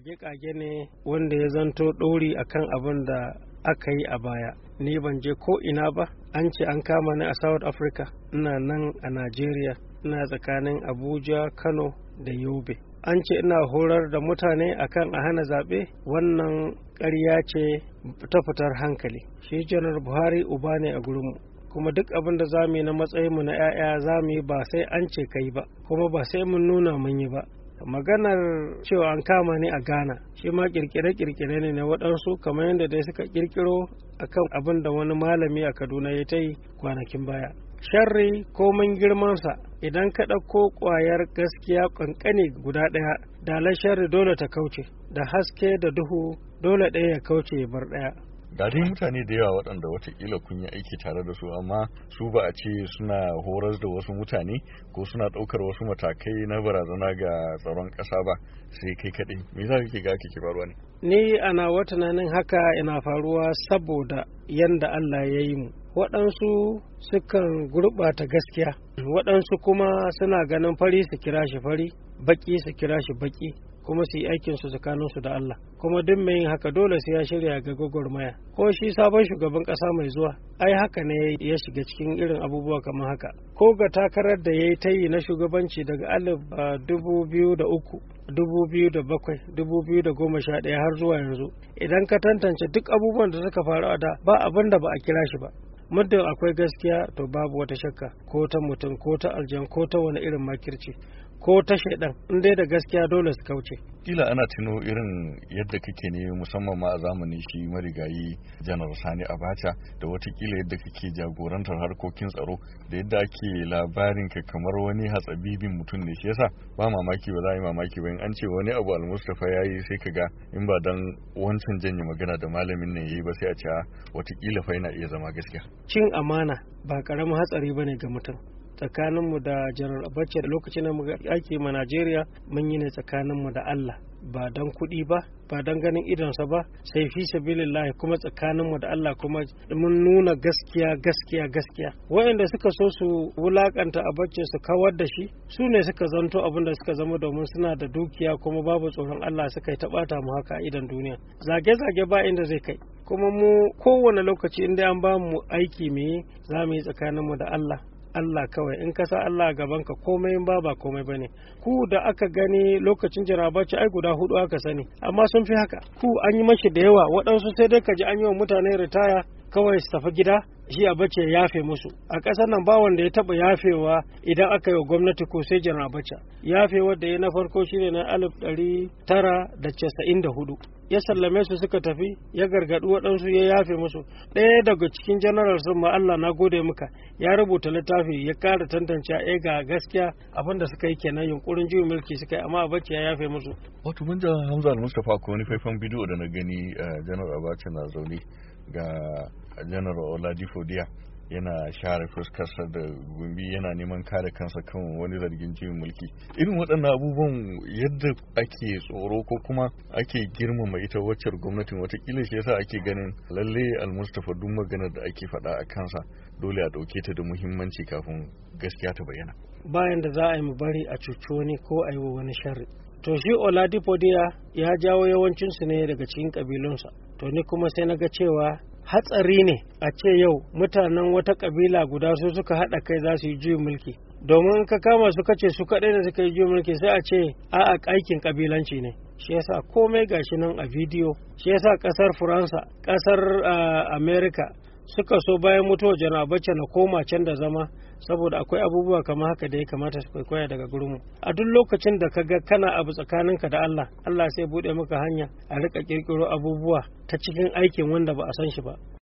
kage-kage ne wanda ya zanto ɗori a kan abin da aka yi a baya ni ban je ko ina ba an ce an kama ni a south africa ina nan a nigeria ina tsakanin abuja kano da yobe an ce ina horar da mutane akan a hana zaɓe wannan ƙarya ce ta fitar hankali shi janar buhari uba ne a gurinmu kuma duk abin da za mu yi na matsayinmu na 'ya'ya za mu yi ba sai an ce kai ba kuma ba sai mun nuna mun yi ba maganar cewa an kama ni a ghana shi ma kirkire-kirkire ne na waɗansu kamar yadda dai suka kirkiro akan abin da wani malami a kaduna ya ta yi kwanakin baya sharri mun girmansa idan ka ɗauko ƙwayar gaskiya ƙanƙane guda ɗaya dalar sharri dole ta kauce da haske da duhu dole ɗaya ya kauce ya bar ɗaya ga dai mutane da yawa waɗanda watakila kun yi aiki tare da su amma su ba a ce suna horar da wasu mutane ko suna ɗaukar wasu matakai na barazana ga tsaron ƙasa ba sai kai kaɗai me za kake ga kake faruwa ne ni ana wata haka ina faruwa saboda yanda Allah ya yi mu waɗansu sukan gurɓata gaskiya waɗansu kuma suna ganin fari su kira shi fari baƙi su kira shi baƙi. kuma su yi aikin su su da Allah kuma duk mai yin haka dole sai ya shirya ga gwagwarmaya ko shi sabon shugaban kasa mai zuwa ai haka ne ya shiga cikin irin abubuwa kamar haka ko ga takarar da ya yi ta na shugabanci daga alif dubu biyu da uku dubu biyu da bakwai dubu biyu da goma sha ɗaya har zuwa yanzu idan ka tantance duk abubuwan da suka faru a da ba abin da ba a kira shi ba muddin akwai gaskiya to babu wata shakka ko ta mutum ko ta aljan ko ta wani irin makirci ko ta shaidan in dai da gaskiya dole su kauce kila ana tuno irin yadda kake ne musamman ma a zamanin shi marigayi janar sani abacha da watakila yadda kake jagorantar harkokin tsaro da yadda ake labarin ka kamar wani hatsabibin mutum ne shi yasa ba mamaki ba za yi mamaki ba in an ce wani abu almustafa ya yi sai ka ga in ba dan wancan janye magana da malamin nan ya yi ba sai a ce watakila fa yana iya zama gaskiya cin amana ba karamin hatsari ba ne ga mutum tsakaninmu da janar abacha da lokacin da muka ake ma najeriya mun yi ne tsakaninmu da allah ba don kuɗi ba ba don ganin idonsa ba sai fi sabilillahi kuma tsakaninmu da Allah kuma mun nuna gaskiya gaskiya gaskiya waɗanda suka so su wulakanta a bacci su kawar da shi su ne suka zanto abin da suka zama domin suna da dukiya kuma babu tsoron Allah suka yi taɓata mu haka a idan duniya zage-zage ba inda zai kai kuma mu kowane lokaci inda an ba mu aiki mu yi za mu yi tsakaninmu da Allah Allah kawai in ka sa Allah gaban ka komai ba ba komai bane ku da aka gani lokacin jarabaci ai guda hudu aka sani amma sun fi haka ku an yi mashi da yawa waɗansu sai dai ka ji an yi wa mutane ritaya kawai su tafi gida shi a bace ya yafe musu a ƙasar nan ba wanda ya taɓa yafewa idan aka yi wa gwamnati ko sai jana baca yafe wadda ya na farko shine na alif ɗari tara da casa'in da hudu ya sallame su suka tafi ya gargaɗi waɗansu ya yafe musu ɗaya daga cikin janaral sun ma Allah na gode muka ya rubuta littafi ya ƙara tantance a eh, ga gaskiya abin da suka yi kenan yunkurin juyin mulki suka yi amma abacha ya yafe musu. wato mun ja hamza al-mustapha ko wani faifan bidiyo da na gani eh, janar abacha na zaune ga janar oladipo dia yana share fuskarsa da gumbi yana neman kare kansa kan wani zargin jin mulki irin waɗannan abubuwan yadda ake tsoro ko kuma ake girmama ita waccar gwamnatin watakila shi yasa ake ganin lalle almustafa duk maganar da ake faɗa a kansa dole a ɗauke ta da muhimmanci kafin gaskiya ta bayyana bayan da za a yi mu bari a cuci wani ko a yi wa wani sharri to shi oladipo dia ya jawo yawancinsu ne daga cikin ƙabilunsa to ni kuma sai na ga cewa hatsari ne a ce yau mutanen wata ƙabila guda su suka haɗa kai za su yi juyin mulki domin ka kama su kace su kaɗai da suka yi juyin mulki sai a ce a a aikin kabilanci ne shi yasa komai gashi nan a bidiyo shi yasa ƙasar faransa ƙasar ah, america suka so bayan mutuwa jana bacce na koma can da zama saboda akwai abubuwa kamar haka da ya kamata su kwaikwaya daga gurinmu a duk lokacin da ka ga kana abu tsakaninka da Allah Allah sai bude maka hanya a rika kirkiro abubuwa ta cikin aikin wanda ba a san shi ba